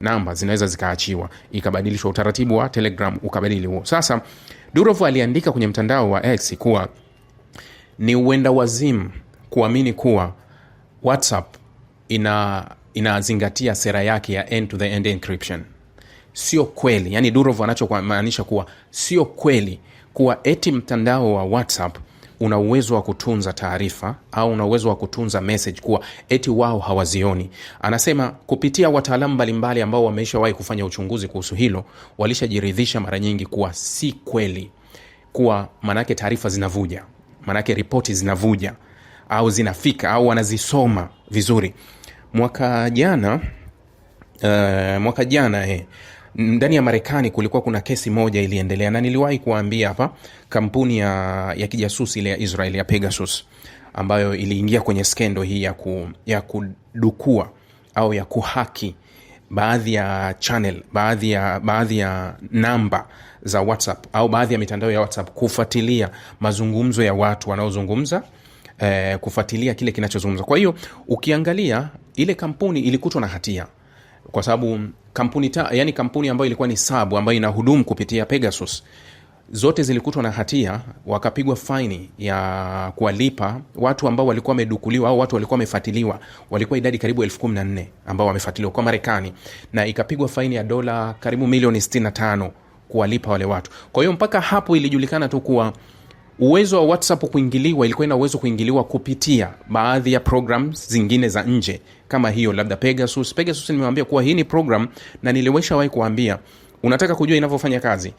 namba zinaweza zikaachiwa, ikabadilishwa utaratibu wa Telegram ukabadili huo. Sasa Durov aliandika kwenye mtandao wa X kuwa ni uenda wazimu kuamini kuwa WhatsApp ina inazingatia sera yake ya end to the end encryption. Sio kweli, yani Durov anachomaanisha kuwa sio kweli kuwa eti mtandao wa WhatsApp una uwezo wa kutunza taarifa au una uwezo wa kutunza message kuwa eti wao hawazioni. Anasema kupitia wataalamu mbalimbali ambao wameishawahi kufanya uchunguzi kuhusu hilo, walishajiridhisha mara nyingi kuwa si kweli, kuwa maanake taarifa zinavuja, maanaake ripoti zinavuja au zinafika au wanazisoma vizuri. Mwaka jana uh, mwaka jana eh, ndani ya Marekani kulikuwa kuna kesi moja iliendelea, na niliwahi kuwaambia hapa, kampuni ya, ya kijasusi ile ya Israel ya Pegasus ambayo iliingia kwenye skendo hii ya, ku, ya kudukua au ya kuhaki baadhi ya chanel baadhi ya baadhi ya namba za WhatsApp au baadhi ya mitandao ya WhatsApp kufuatilia mazungumzo ya watu wanaozungumza eh, kufuatilia kile kinachozungumza Kwa hiyo ukiangalia ile kampuni ilikutwa na hatia kwa sababu kampuni ta, yani kampuni ambayo ilikuwa ni sabu ambayo inahudumu kupitia Pegasus zote zilikutwa na hatia, wakapigwa faini ya kuwalipa watu ambao walikuwa wamedukuliwa au watu walikuwa wamefuatiliwa. Walikuwa idadi karibu 14 ambao wamefuatiliwa kwa Marekani, na ikapigwa faini ya dola karibu milioni 65 kuwalipa wale watu. Kwa hiyo mpaka hapo ilijulikana tu kuwa uwezo wa whatsapp kuingiliwa ilikuwa ina uwezo kuingiliwa kupitia baadhi ya program zingine za nje kama hiyo labda pegasus pegasus nimewambia kuwa hii ni program na niliwesha wai kuambia unataka kujua inavyofanya kazi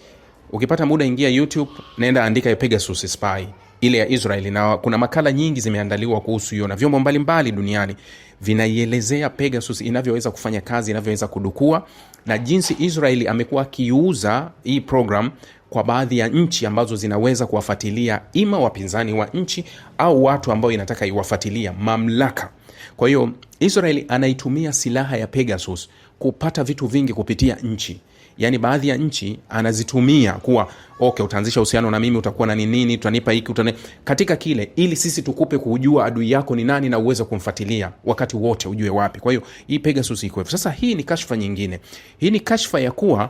ukipata muda ingia youtube naenda andika pegasus spy ile ya israel na kuna makala nyingi zimeandaliwa kuhusu hiyo na vyombo mbalimbali duniani vinaielezea pegasus inavyoweza kufanya kazi inavyoweza kudukua na jinsi israel amekuwa akiuza hii program kwa baadhi ya nchi ambazo zinaweza kuwafuatilia ima wapinzani wa nchi au watu ambao inataka iwafuatilia mamlaka. Kwa hiyo israel anaitumia silaha ya Pegasus kupata vitu vingi kupitia nchi yaani baadhi ya nchi anazitumia kuwa ok utaanzisha uhusiano na mimi, utakuwa na ninini utanipa hiki, utani katika kile, ili sisi tukupe kujua adui yako ni nani na uweze kumfuatilia wakati wote, ujue wapi. Kwa hiyo hii Pegasus iko hivyo. Sasa hii ni kashfa nyingine, hii ni kashfa ya kuwa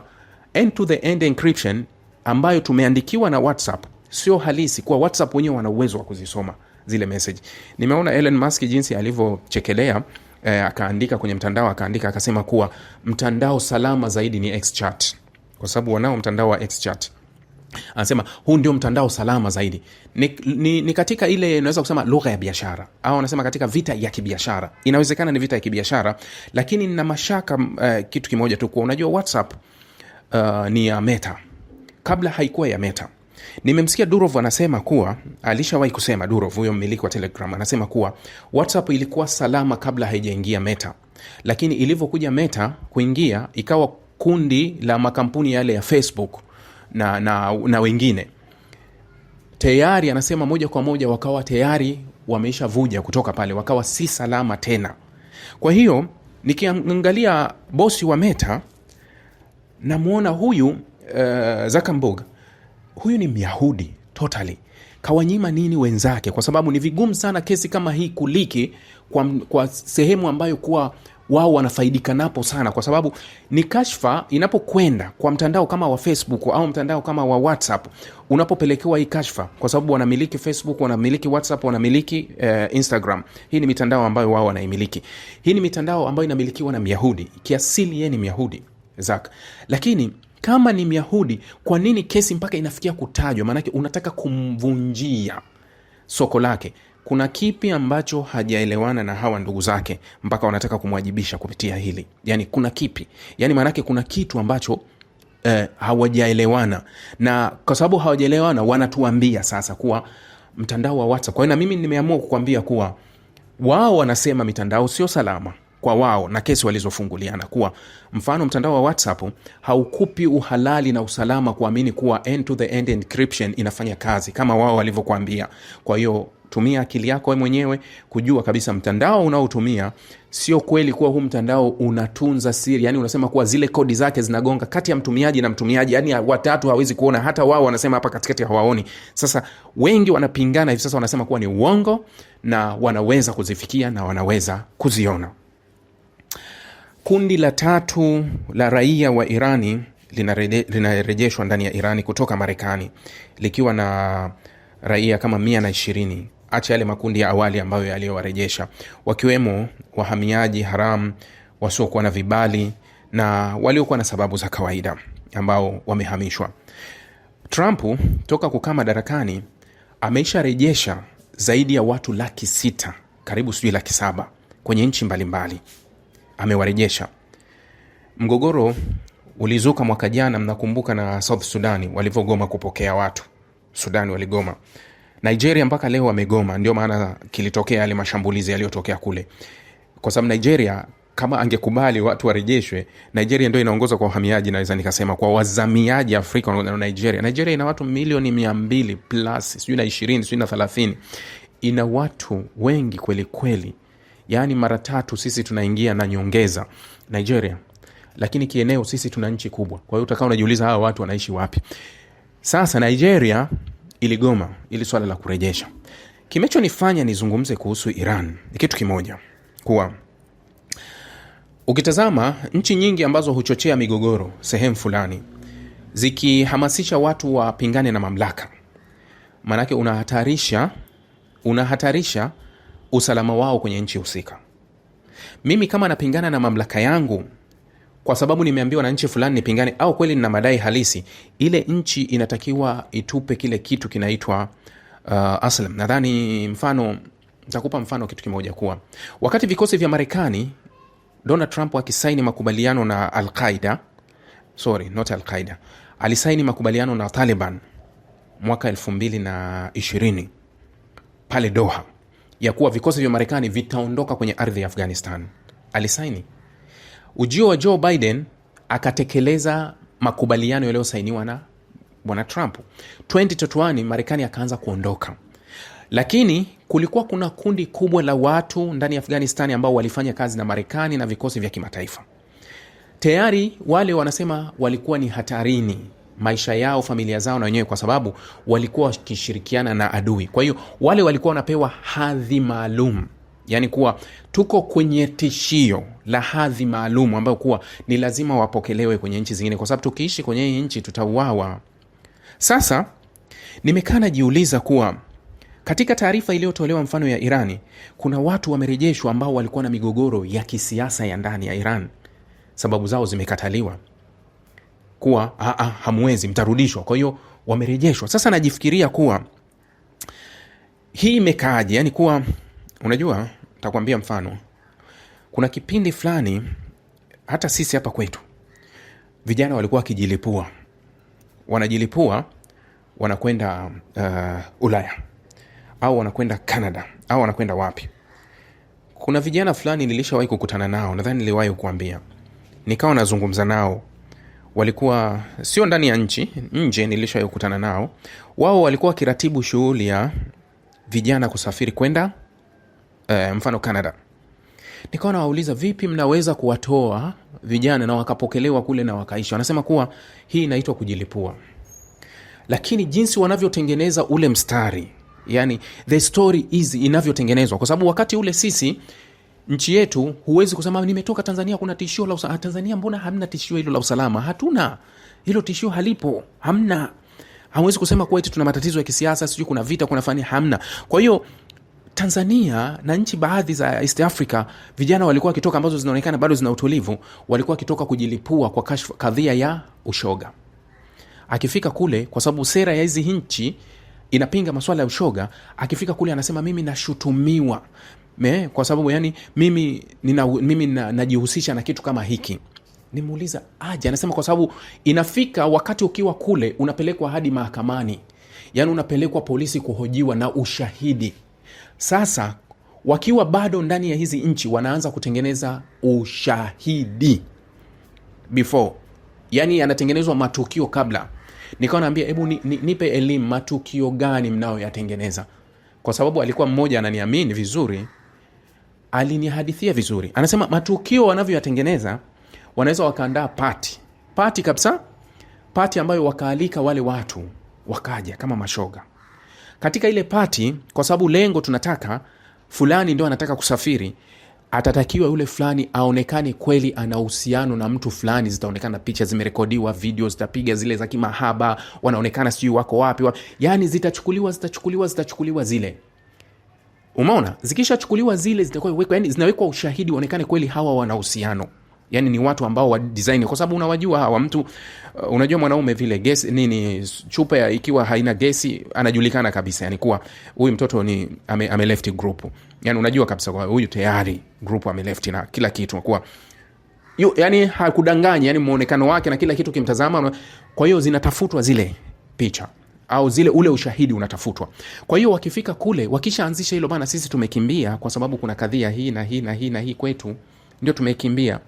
end to the end encryption ambayo tumeandikiwa na WhatsApp sio halisi, kuwa WhatsApp wenyewe wana uwezo wa kuzisoma zile message. Nimeona Elon Musk jinsi alivyochekelea e, akaandika kwenye mtandao akaandika akasema kuwa mtandao salama zaidi ni Xchat kwa sababu wanao mtandao wa Xchat. Anasema huu ndio mtandao salama zaidi. Ni, ni, ni katika ile inaweza kusema lugha ya biashara au anasema katika vita ya kibiashara. Inawezekana ni vita ya kibiashara, lakini nina mashaka uh, kitu kimoja tu kuwa unajua WhatsApp uh, ni ya Meta kabla haikuwa ya Meta. Nimemsikia Durov anasema kuwa alishawahi kusema, Durov huyo mmiliki wa Telegram anasema kuwa WhatsApp ilikuwa salama kabla haijaingia Meta, lakini ilivyokuja Meta kuingia ikawa kundi la makampuni yale ya Facebook na, na, na wengine tayari anasema moja kwa moja wakawa tayari wameisha vuja kutoka pale, wakawa si salama tena. Kwa hiyo nikiangalia bosi wa Meta namwona huyu uh, Zuckerberg huyu ni Myahudi totally kawanyima nini wenzake? Kwa sababu ni vigumu sana kesi kama hii kuliki kwa, kwa sehemu ambayo kuwa wao wanafaidika napo sana, kwa sababu ni kashfa inapokwenda kwa mtandao kama wa Facebook au mtandao kama wa WhatsApp, unapopelekewa hii kashfa, kwa sababu wanamiliki Facebook, wanamiliki WhatsApp, wanamiliki eh, Instagram. Hii ni mitandao ambayo wao wanaimiliki. Hii ni mitandao ambayo inamilikiwa na Myahudi, kiasili yeye ni Myahudi Zak, lakini kama ni Myahudi, kwa nini kesi mpaka inafikia kutajwa? Maanake unataka kumvunjia soko lake. Kuna kipi ambacho hajaelewana na hawa ndugu zake mpaka wanataka kumwajibisha kupitia hili? Yani kuna kipi? Yani maanake kuna kitu ambacho eh, hawajaelewana, na kwa sababu hawajaelewana wanatuambia sasa kuwa mtandao wa WhatsApp. Kwa hiyo na mimi nimeamua kukuambia kuwa wao wanasema mitandao sio salama kwa wao na kesi walizofunguliana kuwa mfano mtandao wa WhatsApp haukupi uhalali na usalama kuamini kuwa end to the end encryption inafanya kazi kama wao walivyokuambia. Kwa hiyo tumia akili yako wewe mwenyewe kujua kabisa mtandao unaotumia sio kweli kuwa huu mtandao unatunza siri, yani unasema kuwa zile kodi zake zinagonga kati ya mtumiaji na mtumiaji, yani watatu hawezi kuona, hata wao wanasema hapa katikati hawaoni. Sasa wengi wanapingana hivi sasa, wanasema kuwa ni uongo na wanaweza kuzifikia na wanaweza kuziona. Kundi la tatu la raia wa Irani linarejeshwa ndani ya Irani kutoka Marekani likiwa na raia kama mia na ishirini hacha yale makundi ya awali ambayo yaliyowarejesha wakiwemo wahamiaji haramu wasiokuwa na vibali na waliokuwa na sababu za kawaida ambao wamehamishwa. Trump toka kukaa madarakani ameisharejesha zaidi ya watu laki sita karibu sijui laki saba kwenye nchi mbalimbali amewarejesha. Mgogoro ulizuka mwaka jana, mnakumbuka, na South Sudani walivyogoma kupokea watu. Sudani waligoma, Nigeria mpaka leo wamegoma. Ndio maana kilitokea yale mashambulizi yaliyotokea kule, kwa sababu Nigeria kama angekubali watu warejeshwe, Nigeria ndio inaongoza kwa uhamiaji, naweza nikasema kwa wazamiaji Afrika na Nigeria. Nigeria ina watu milioni mia mbili plus sijui na ishirini sijui na thelathini, ina watu wengi kwelikweli kweli yaani mara tatu sisi tunaingia na nyongeza nigeria lakini kieneo sisi tuna nchi kubwa kwa hiyo utakaa unajiuliza hawa watu wanaishi wapi sasa nigeria iligoma ili swala la kurejesha kimechonifanya nizungumze kuhusu iran ni kitu kimoja kuwa ukitazama nchi nyingi ambazo huchochea migogoro sehemu fulani zikihamasisha watu wapingane na mamlaka maanake unahatarisha unahatarisha usalama wao kwenye nchi husika. Mimi kama napingana na mamlaka yangu kwa sababu nimeambiwa na nchi fulani nipingane, au kweli nina madai halisi, ile nchi inatakiwa itupe kile kitu kinaitwa uh, aslam. Nadhani mfano, takupa mfano kitu kimoja kuwa wakati vikosi vya Marekani Donald Trump akisaini makubaliano na Alqaida, sorry not Alqaida, alisaini makubaliano na Taliban mwaka elfu mbili na ishirini pale Doha ya kuwa vikosi vya Marekani vitaondoka kwenye ardhi ya Afghanistan. Alisaini ujio wa Joe Biden akatekeleza makubaliano yaliyosainiwa na bwana Trump 2021 Marekani akaanza kuondoka, lakini kulikuwa kuna kundi kubwa la watu ndani ya Afghanistan ambao walifanya kazi na Marekani na vikosi vya kimataifa. Tayari wale wanasema walikuwa ni hatarini maisha yao, familia zao na wenyewe, kwa sababu walikuwa wakishirikiana na adui. Kwa hiyo wale walikuwa wanapewa hadhi maalum, yaani kuwa tuko kwenye tishio la hadhi maalum ambayo kuwa ni lazima wapokelewe kwenye nchi zingine, kwa sababu tukiishi kwenye hii nchi tutauawa. Sasa nimekaa najiuliza kuwa katika taarifa iliyotolewa mfano ya Irani, kuna watu wamerejeshwa ambao walikuwa na migogoro ya kisiasa ya ndani ya Iran, sababu zao zimekataliwa kuwa a ah, -a, ah, hamwezi mtarudishwa. Kwa hiyo wamerejeshwa. Sasa najifikiria kuwa hii imekaaje, yani kuwa unajua, takuambia mfano, kuna kipindi fulani hata sisi hapa kwetu vijana walikuwa wakijilipua, wanajilipua wanakwenda uh, Ulaya au wanakwenda Canada au wanakwenda wapi. Kuna vijana fulani nilishawahi kukutana nao, nadhani niliwahi kuambia nikawa nazungumza nao walikuwa sio ndani ya nchi, nje nilishakutana nao. Wao walikuwa wakiratibu shughuli ya vijana kusafiri kwenda eh, mfano Canada. Nikawa nawauliza vipi mnaweza kuwatoa vijana na wakapokelewa kule na wakaishi. Wanasema kuwa hii inaitwa kujilipua, lakini jinsi wanavyotengeneza ule mstari, yani the story is inavyotengenezwa, kwa sababu wakati ule sisi nchi yetu, huwezi kusema nimetoka Tanzania kuna tishio la usalama. Ah, Tanzania mbona hamna tishio hilo la usalama? Hatuna hilo tishio, halipo, hamna. Hawezi kusema kuwa eti tuna matatizo ya kisiasa, sijui kuna vita, kuna fani, hamna. Kwa hiyo Tanzania na nchi baadhi za East Africa vijana walikuwa wakitoka, ambazo zinaonekana bado zina utulivu, walikuwa wakitoka kujilipua kwa kadhia ya ushoga. Akifika kule, kwa sababu sera ya hizi nchi inapinga maswala ya ushoga, akifika kule anasema mimi nashutumiwa, Me, kwa sababu yani mimi nina, mimi najihusisha na, na kitu kama hiki nimuuliza aje, anasema kwa sababu inafika wakati ukiwa kule unapelekwa hadi mahakamani, yaani unapelekwa polisi kuhojiwa na ushahidi. Sasa wakiwa bado ndani ya hizi nchi wanaanza kutengeneza ushahidi before, yaani yanatengenezwa matukio kabla. Nikawa naambia hebu ni, ni, nipe elimu, matukio gani mnayoyatengeneza? Kwa sababu alikuwa mmoja ananiamini vizuri alinihadithia vizuri, anasema matukio wanavyoyatengeneza wanaweza wakaandaa pati pati kabisa, pati ambayo wakaalika wale watu wakaja kama mashoga katika ile pati, kwa sababu lengo tunataka fulani ndo anataka kusafiri, atatakiwa yule fulani aonekane kweli ana uhusiano na mtu fulani. Zitaonekana picha zimerekodiwa, video zitapiga zile za kimahaba, wanaonekana sijui wako wapi wapi, yani zitachukuliwa zitachukuliwa zitachukuliwa zile Umeona, zikishachukuliwa zile zitakuwa wekwa, yani zinawekwa ushahidi uonekane kweli hawa wana uhusiano yaani ni watu ambao wa design kwa sababu unawajua hawa mtu uh, unajua mwanaume vile gesi nini chupa ya ikiwa haina gesi anajulikana kabisa yani kuwa huyu mtoto ni ame, ame left group yani unajua kabisa kwa huyu tayari group ame left na kila kitu kwa yu, yani hakudanganyi yani muonekano wake na kila kitu kimtazama kwa hiyo zinatafutwa zile picha au zile ule ushahidi unatafutwa. Kwa hiyo wakifika kule, wakishaanzisha hilo bana, sisi tumekimbia kwa sababu kuna kadhia hii na hii na hii na hii kwetu, ndio tumekimbia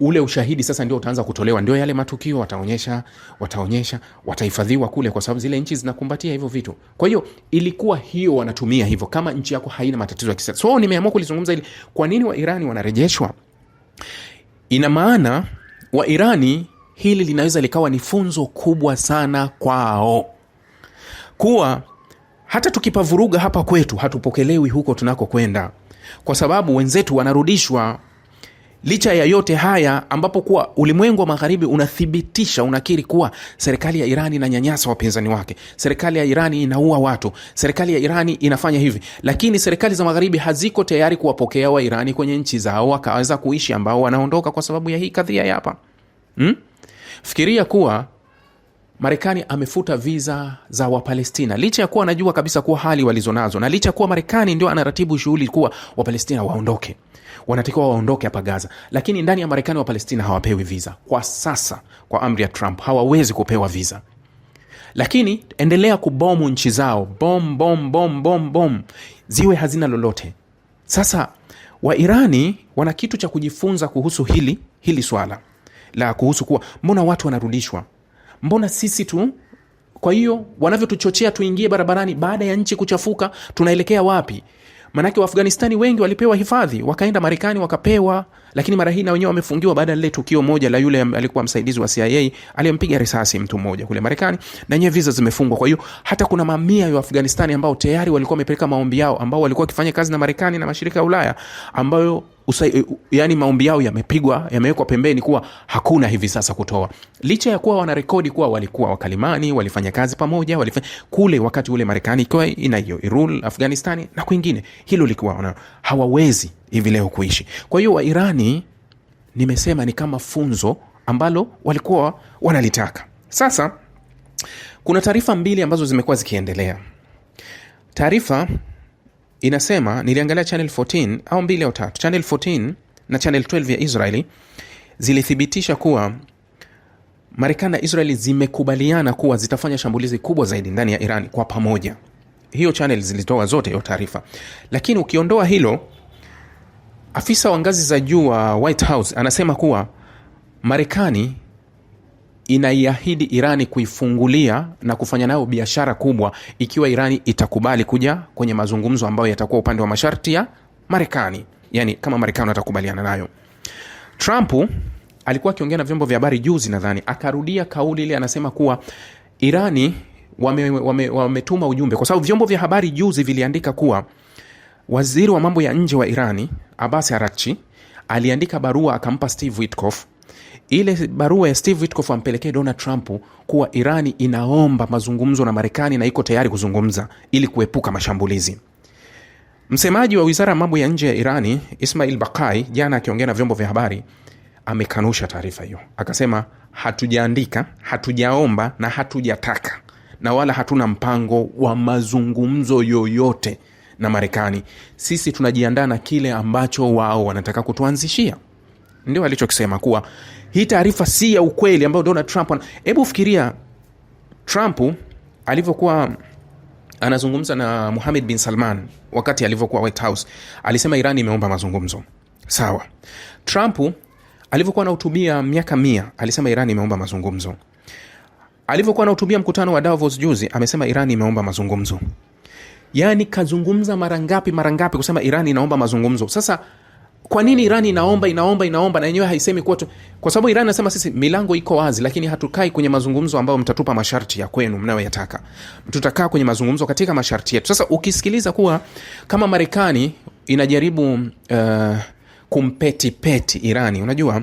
ule ushahidi sasa ndio utaanza kutolewa, ndio yale matukio wataonyesha, wataonyesha, watahifadhiwa kule, kwa sababu zile nchi zinakumbatia hivyo vitu. Kwa hiyo ilikuwa hiyo, wanatumia hivyo kama nchi yako haina matatizo ya kisiasa. So nimeamua kulizungumza ili kwa nini Wairani wanarejeshwa? Ina maana Wairani hili linaweza likawa ni funzo kubwa sana kwao kuwa hata tukipavuruga hapa kwetu hatupokelewi huko tunakokwenda, kwa sababu wenzetu wanarudishwa. Licha ya yote haya, ambapo kuwa ulimwengu wa magharibi unathibitisha, unakiri kuwa serikali ya Irani inanyanyasa wapinzani wake, serikali ya Irani inaua watu, serikali ya Irani inafanya hivi, lakini serikali za magharibi haziko tayari kuwapokea Wairani kwenye nchi zao wakaweza kuishi, ambao wanaondoka kwa sababu ya hii kadhia hapa hmm? Fikiria kuwa Marekani amefuta viza za Wapalestina licha ya kuwa anajua kabisa kuwa hali walizonazo na licha ya kuwa Marekani ndio anaratibu shughuli kuwa Wapalestina waondoke, wanatakiwa waondoke hapa Gaza, lakini ndani ya Marekani Wapalestina hawapewi viza kwa sasa. Kwa amri ya Trump hawawezi kupewa viza, lakini endelea kubomu nchi zao, bom bom bom bom bom, ziwe hazina lolote. Sasa Wairani wana kitu cha kujifunza kuhusu hili hili swala la kuhusu kuwa mbona watu wanarudishwa mbona sisi tu kwa hiyo wanavyotuchochea tuingie barabarani baada ya nchi kuchafuka, tunaelekea wapi? Maanake Waafghanistani wengi walipewa hifadhi wakaenda Marekani wakapewa, lakini mara hii na wenyewe wamefungiwa baada ya lile tukio moja la yule alikuwa msaidizi wa CIA aliyempiga risasi mtu mmoja kule Marekani, na nyewe visa zimefungwa. Kwa hiyo hata kuna mamia ya Waafghanistani ambao tayari walikuwa wamepeleka maombi yao, ambao walikuwa wakifanya kazi na Marekani na mashirika ya Ulaya ambayo usai, yani maombi yao yamepigwa yamewekwa pembeni kuwa hakuna hivi sasa kutoa, licha ya kuwa wana rekodi kuwa walikuwa wakalimani, walifanya kazi pamoja, walifanya kule wakati ule Marekani ikiwa irul Afghanistani na kwingine, hilo likiwa wana, hawawezi hivi leo kuishi. Kwa hiyo Wairani nimesema ni kama funzo ambalo walikuwa wanalitaka. Sasa kuna taarifa mbili ambazo zimekuwa zikiendelea. Taarifa inasema niliangalia channel 14 au mbili au tatu channel 14 na channel 12 ya Israeli zilithibitisha kuwa Marekani na Israeli zimekubaliana kuwa zitafanya shambulizi kubwa zaidi ndani ya Iran kwa pamoja. Hiyo channel zilitoa zote hiyo taarifa, lakini ukiondoa hilo, afisa wa ngazi za juu wa White House anasema kuwa Marekani inaiahidi Irani kuifungulia na kufanya nayo biashara kubwa ikiwa Irani itakubali kuja kwenye mazungumzo ambayo yatakuwa upande wa masharti ya Marekani, yani kama Marekani watakubaliana nayo. Trump alikuwa akiongea na vyombo vya habari juzi, nadhani akarudia kauli ile, anasema kuwa Irani wametuma wame, wame ujumbe, kwa sababu vyombo vya habari juzi viliandika kuwa waziri wa mambo ya nje wa Irani abas Araghchi aliandika barua akampa Steve Witkoff ile barua ya Steve witkof ampelekee Donald Trump kuwa Irani inaomba mazungumzo na Marekani na iko tayari kuzungumza ili kuepuka mashambulizi. Msemaji wa wizara ya mambo ya nje ya Irani Ismail Bakai, jana akiongea na vyombo vya habari, amekanusha taarifa hiyo, akasema hatujaandika, hatujaomba na hatujataka na wala hatuna mpango wa mazungumzo yoyote na Marekani. Sisi tunajiandaa na kile ambacho wao wanataka kutuanzishia. Ndio alichokisema kuwa hii taarifa si ya ukweli ambayo Donald Trump ana... hebu fikiria Trump alivyokuwa anazungumza na Muhamed bin Salman wakati alivyokuwa White House, alisema iran imeomba mazungumzo sawa. Trump alivyokuwa anahutubia miaka mia alisema iran imeomba mazungumzo. Alivyokuwa anahutubia mkutano wa Davos juzi amesema iran imeomba mazungumzo. Yaani kazungumza mara ngapi mara ngapi kusema iran inaomba mazungumzo. Sasa kwa nini Iran inaomba inaomba inaomba na yenyewe haisemi kuwa tu, kwa sababu Iran nasema sisi milango iko wazi, lakini hatukai kwenye mazungumzo ambayo mtatupa masharti ya kwenu mnayoyataka. Tutakaa kwenye mazungumzo katika masharti yetu. Sasa ukisikiliza kuwa kama Marekani inajaribu uh, kumpetipeti Irani, unajua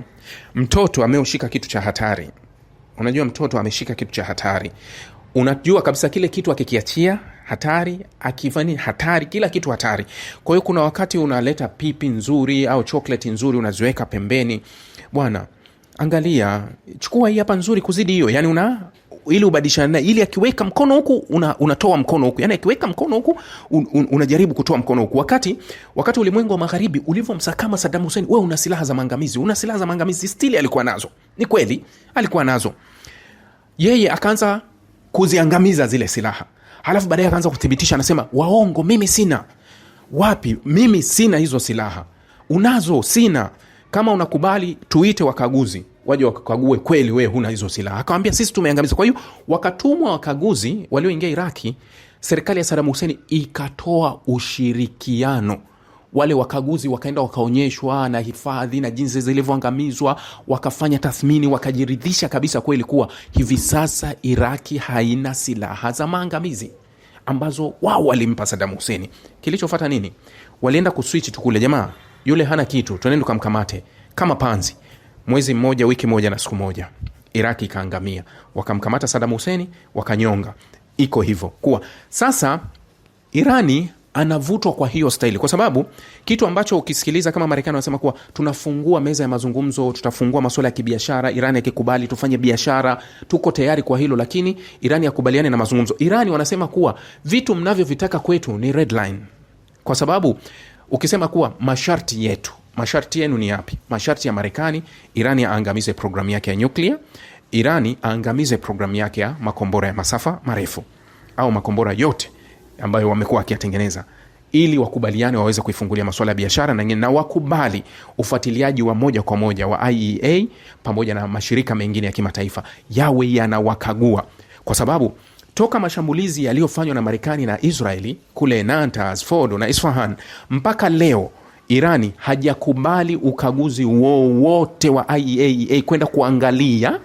mtoto ameushika kitu cha hatari. Unajua mtoto ameshika kitu cha hatari. Unajua kabisa kile kitu akikiachia hatari akifani hatari kila kitu hatari kwa hiyo kuna wakati unaleta pipi nzuri au chokleti nzuri unaziweka pembeni bwana angalia chukua hii hapa nzuri kuzidi hiyo yani una ili ubadilishane ili akiweka mkono huku una, unatoa mkono huku yani akiweka mkono huku un, un, unajaribu kutoa mkono huku wakati wakati ulimwengu wa magharibi ulivyomsakama sadam hussein we una silaha za maangamizi una silaha za maangamizi stili alikuwa nazo ni kweli alikuwa nazo yeye akaanza kuziangamiza zile silaha halafu baadaye akaanza kuthibitisha, anasema waongo, mimi sina. Wapi? Mimi sina hizo silaha. Unazo? Sina. Kama unakubali tuite wakaguzi waje wakague kweli wee huna hizo silaha. Akawambia sisi tumeangamiza. Kwa hiyo wakatumwa wakaguzi walioingia Iraki, serikali ya Sadamu Huseni ikatoa ushirikiano wale wakaguzi wakaenda wakaonyeshwa na hifadhi na jinsi zilivyoangamizwa, wakafanya tathmini, wakajiridhisha kabisa kweli kuwa hivi sasa Iraki haina silaha za maangamizi ambazo wao walimpa Sadamu Huseni. Kilichofata nini? Walienda kuswichi tu kule, jamaa yule hana kitu, tunaenda tukamkamate kama panzi. Mwezi mmoja, wiki moja na siku moja, Iraki ikaangamia. Wakamkamata Sadamu Huseni, wakanyonga. Iko hivyo kuwa sasa Irani anavutwa kwa hiyo staili, kwa sababu kitu ambacho ukisikiliza kama Marekani wanasema kuwa tunafungua meza ya mazungumzo, tutafungua masuala ya kibiashara, Iran yakikubali tufanye biashara, tuko tayari kwa hilo, lakini Iran yakubaliane na mazungumzo. Iran wanasema kuwa vitu mnavyovitaka kwetu ni red line, kwa sababu ukisema kuwa masharti yetu, masharti yenu ni yapi? Masharti ya Marekani, Iran aangamize programu yake ya nyuklia, Irani aangamize programu yake ya makombora ya masafa marefu au makombora yote ambayo wamekuwa wakiyatengeneza ili wakubaliane waweze kuifungulia masuala ya biashara na na wakubali ufuatiliaji wa moja kwa moja wa IEA pamoja na mashirika mengine ya kimataifa yawe yanawakagua, kwa sababu toka mashambulizi yaliyofanywa na Marekani na Israeli kule nantas Fordo na Isfahan mpaka leo Irani hajakubali ukaguzi wowote wa iea eh, kwenda kuangalia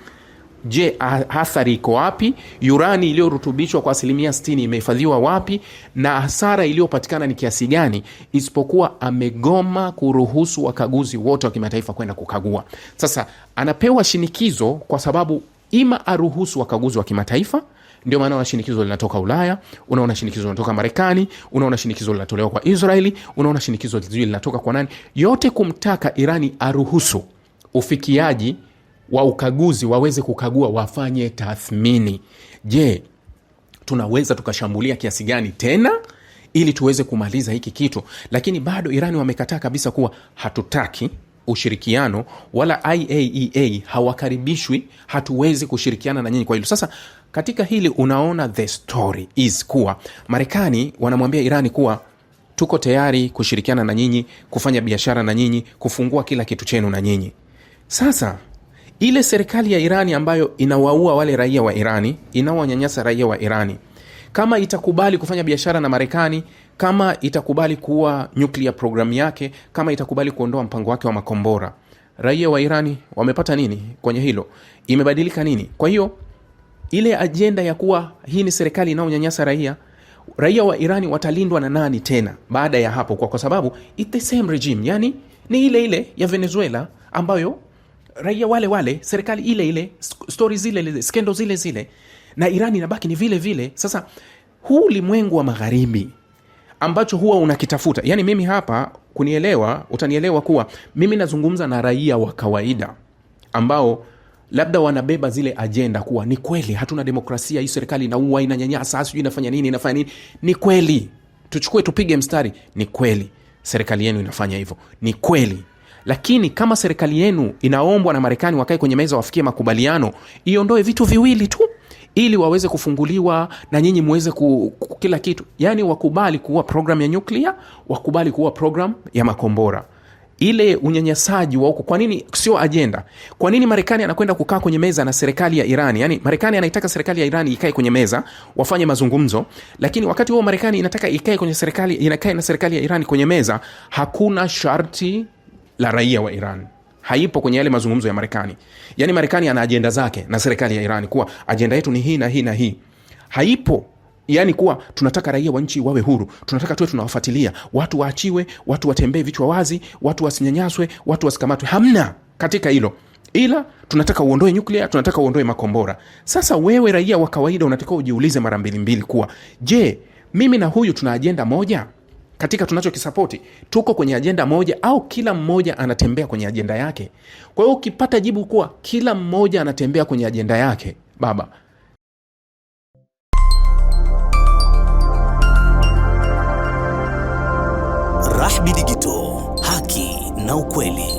Je, hasara iko wapi? Urani iliyorutubishwa kwa asilimia 60 imehifadhiwa wapi? Na hasara iliyopatikana ni kiasi gani? Isipokuwa amegoma kuruhusu wakaguzi wote wa kimataifa kwenda kukagua. Sasa anapewa shinikizo kwa sababu ima aruhusu wakaguzi wa kimataifa ndio maana una shinikizo linatoka Ulaya, unaona shinikizo linatoka Marekani, unaona shinikizo linatolewa kwa Israeli, unaona shinikizo linatoka kwa nani, yote kumtaka Irani aruhusu ufikiaji wa ukaguzi waweze kukagua, wafanye tathmini. Je, tunaweza tukashambulia kiasi gani tena ili tuweze kumaliza hiki kitu? Lakini bado Irani wamekataa kabisa kuwa hatutaki ushirikiano wala IAEA e hawakaribishwi, hatuwezi kushirikiana na nyinyi kwa hilo. Sasa katika hili unaona, the story is kuwa Marekani wanamwambia Irani kuwa tuko tayari kushirikiana na nyinyi, kufanya biashara na nyinyi, kufungua kila kitu chenu na nyinyi. Sasa ile serikali ya Irani ambayo inawaua wale raia wa Irani, inawanyanyasa raia wa Irani, kama itakubali kufanya biashara na Marekani, kama itakubali kuwa nyuklia programu yake, kama itakubali kuondoa mpango wake wa makombora, raia wa Irani wamepata nini kwenye hilo? Imebadilika nini? Kwa hiyo ile ajenda ya kuwa hii ni serikali inayonyanyasa raia raia wa Irani watalindwa na nani tena baada ya hapo? Kwa, kwa sababu it's the same regime, yani ni ile ile ya Venezuela ambayo raia wale wale, serikali ile ile, stori zile zile, skendo zile zile, na Iran inabaki ni vile vile. Sasa huu ulimwengu wa magharibi ambacho huwa unakitafuta, yani mimi hapa kunielewa, utanielewa kuwa mimi nazungumza na raia wa kawaida ambao labda wanabeba zile ajenda kuwa ni kweli hatuna demokrasia, hii serikali inaua, inanyanyasa, sijui inafanya nini, inafanya nini. Ni kweli, tuchukue tupige mstari, ni kweli serikali yenu inafanya hivyo, ni kweli lakini kama serikali yenu inaombwa na Marekani wakae kwenye meza wafikie makubaliano, iondoe vitu viwili tu ili waweze kufunguliwa na nyinyi mweze ku, ku, kila kitu yani, wakubali kuua programu ya nyuklia, wakubali kuua programu ya makombora ile unyanyasaji wa huko, kwanini sio ajenda? Kwa nini Marekani anakwenda kukaa kwenye meza na serikali ya Irani? Yani Marekani anaitaka serikali ya Irani ikae kwenye meza wafanye mazungumzo, lakini wakati huo Marekani inataka ikae kwenye serikali, inakae na serikali ya Irani kwenye meza, hakuna sharti la raia wa Iran haipo kwenye yale mazungumzo ya Marekani. Yaani Marekani ana ajenda zake na serikali ya Iran kuwa ajenda yetu ni hii na hii na hii, haipo yaani kuwa tunataka raia wa nchi wawe huru, tunataka tuwe tunawafuatilia watu, waachiwe watu, watembee vichwa wazi, watu wasinyanyaswe, watu wasikamatwe. Hamna katika hilo, ila tunataka uondoe nyuklia, tunataka uondoe makombora. Sasa wewe raia wa kawaida unatakiwa ujiulize mara mbili mbili kuwa je, mimi na huyu tuna ajenda moja? katika tunachokisapoti tuko kwenye ajenda moja au kila mmoja anatembea kwenye ajenda yake kwa hiyo ukipata jibu kuwa kila mmoja anatembea kwenye ajenda yake baba rahbi digito haki na ukweli